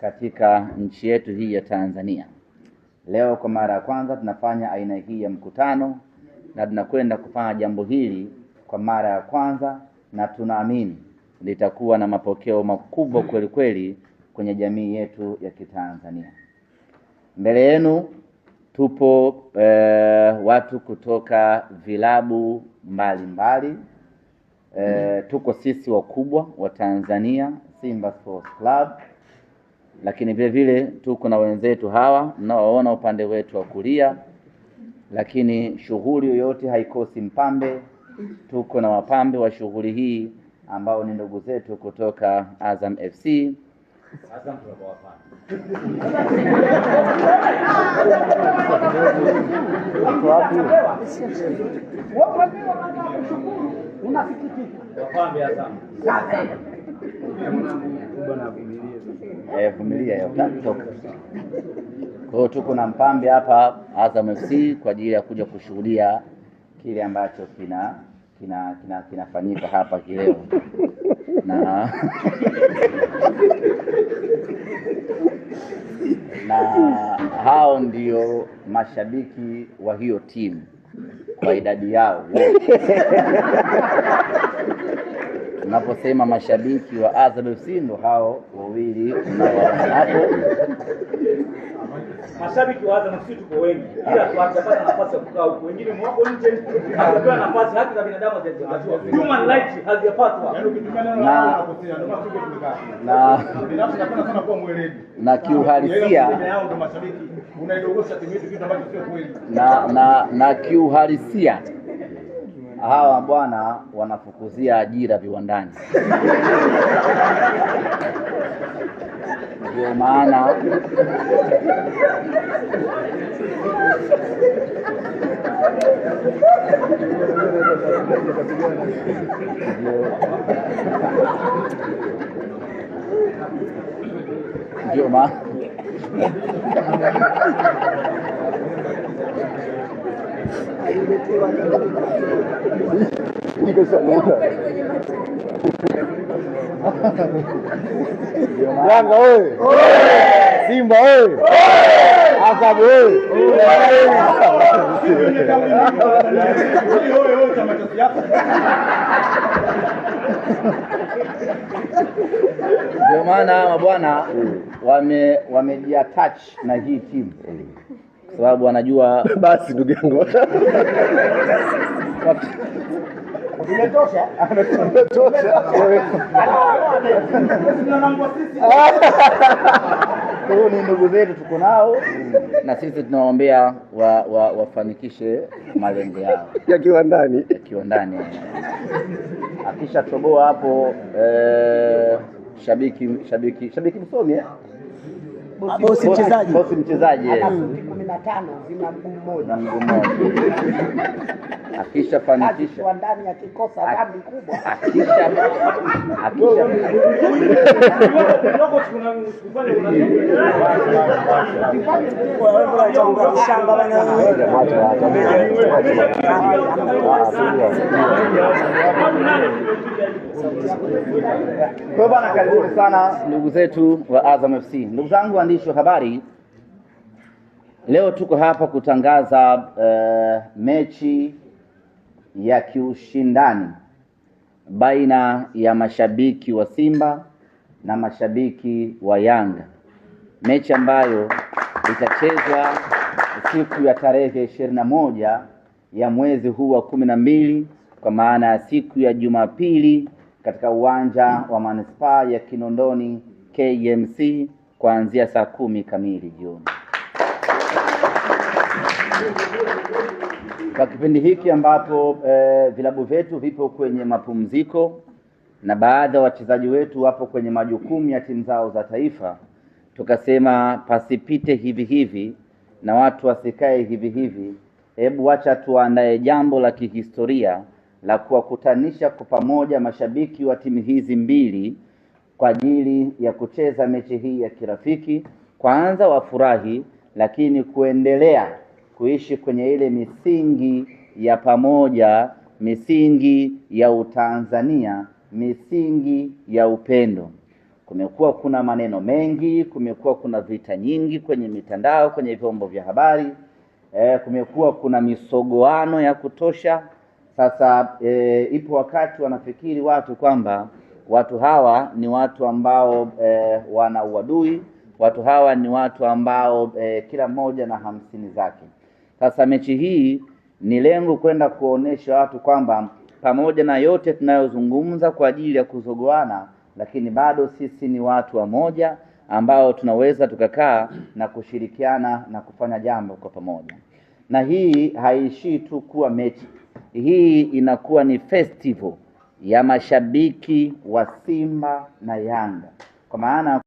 katika nchi yetu hii ya Tanzania. Leo kwa mara ya kwanza tunafanya aina hii ya mkutano na tunakwenda kufanya jambo hili kwa mara ya kwanza, na tunaamini litakuwa na mapokeo makubwa kweli kweli kwenye jamii yetu ya Kitanzania. Mbele yenu tupo eh, watu kutoka vilabu mbalimbali eh, tuko sisi wakubwa wa Tanzania Simba Sports Club lakini vile vile tuko na wenzetu hawa mnaoona upande wetu wa kulia, lakini shughuli yoyote haikosi mpambe. Tuko na wapambe wa shughuli hii ambao ni ndugu zetu kutoka Azam FC. Azam Eh, vumilia utatoka. Kwa hiyo tuko na mpambe hapa Azam FC kwa ajili ya kuja kushuhudia kile ambacho kina kina kinafanyika hapa kileo na na hao ndio mashabiki wa hiyo timu kwa idadi yao tunaposema mashabiki wa Azam FC ndo hao wawili unaowaona hapo. Mashabiki wa Azam FC tuko wengi, ila tuwachapata nafasi ya kukaa huko, wengine mwako nje, hakupewa nafasi. Haki za binadamu hazijapatwa, human rights hazijapatwa, na na na kiuhalisia na na na kiuhalisia hawa bwana wanafukuzia ajira viwandani. Ndio maana ndio maana aliletewa Yanga oye! Simba oye! Azabu oye! Ndio maana hawa mabwana wamejiatach na hii timu kwa sababu anajua. Basi ndugu yangu huyu ni ndugu zetu tuko nao na sisi tunawaombea wa, wa, wafanikishe malengo yao ndani yakiwa ndani akisha toboa hapo eh, shabiki shabiki shabiki msomi eh, bosi mchezaji bosi mchezaji eh. mm na tano zina mguu mmoja akishafanikisha ndani akikosa dhambi kubwa akisha akisha kwa bwana, karibu sana ndugu zetu wa Azam FC. Ndugu zangu waandishi wa habari Leo tuko hapa kutangaza uh, mechi ya kiushindani baina ya mashabiki wa Simba na mashabiki wa Yanga, mechi ambayo itachezwa siku ya tarehe ishirini na moja ya mwezi huu wa kumi na mbili kwa maana ya siku ya Jumapili katika uwanja wa manispaa ya Kinondoni KMC kuanzia saa kumi kamili jioni kwa kipindi hiki ambapo eh, vilabu vyetu vipo kwenye mapumziko na baadhi ya wachezaji wetu wapo kwenye majukumu ya timu zao za taifa, tukasema pasipite hivi hivi na watu wasikae hivi hivi. Hebu wacha tuandae jambo la kihistoria la kuwakutanisha kwa pamoja mashabiki wa timu hizi mbili kwa ajili ya kucheza mechi hii ya kirafiki. Kwanza wafurahi, lakini kuendelea kuishi kwenye ile misingi ya pamoja, misingi ya Utanzania, misingi ya upendo. Kumekuwa kuna maneno mengi, kumekuwa kuna vita nyingi kwenye mitandao, kwenye vyombo vya habari e, kumekuwa kuna misogoano ya kutosha. Sasa e, ipo wakati wanafikiri watu kwamba watu hawa ni watu ambao e, wana uadui, watu hawa ni watu ambao e, kila mmoja na hamsini zake. Sasa mechi hii ni lengo kwenda kuonesha watu kwamba pamoja na yote tunayozungumza kwa ajili ya kuzogoana, lakini bado sisi ni watu wamoja ambao tunaweza tukakaa na kushirikiana na kufanya jambo kwa pamoja. Na hii haishii tu kuwa mechi, hii inakuwa ni festival ya mashabiki wa Simba na Yanga kwa maana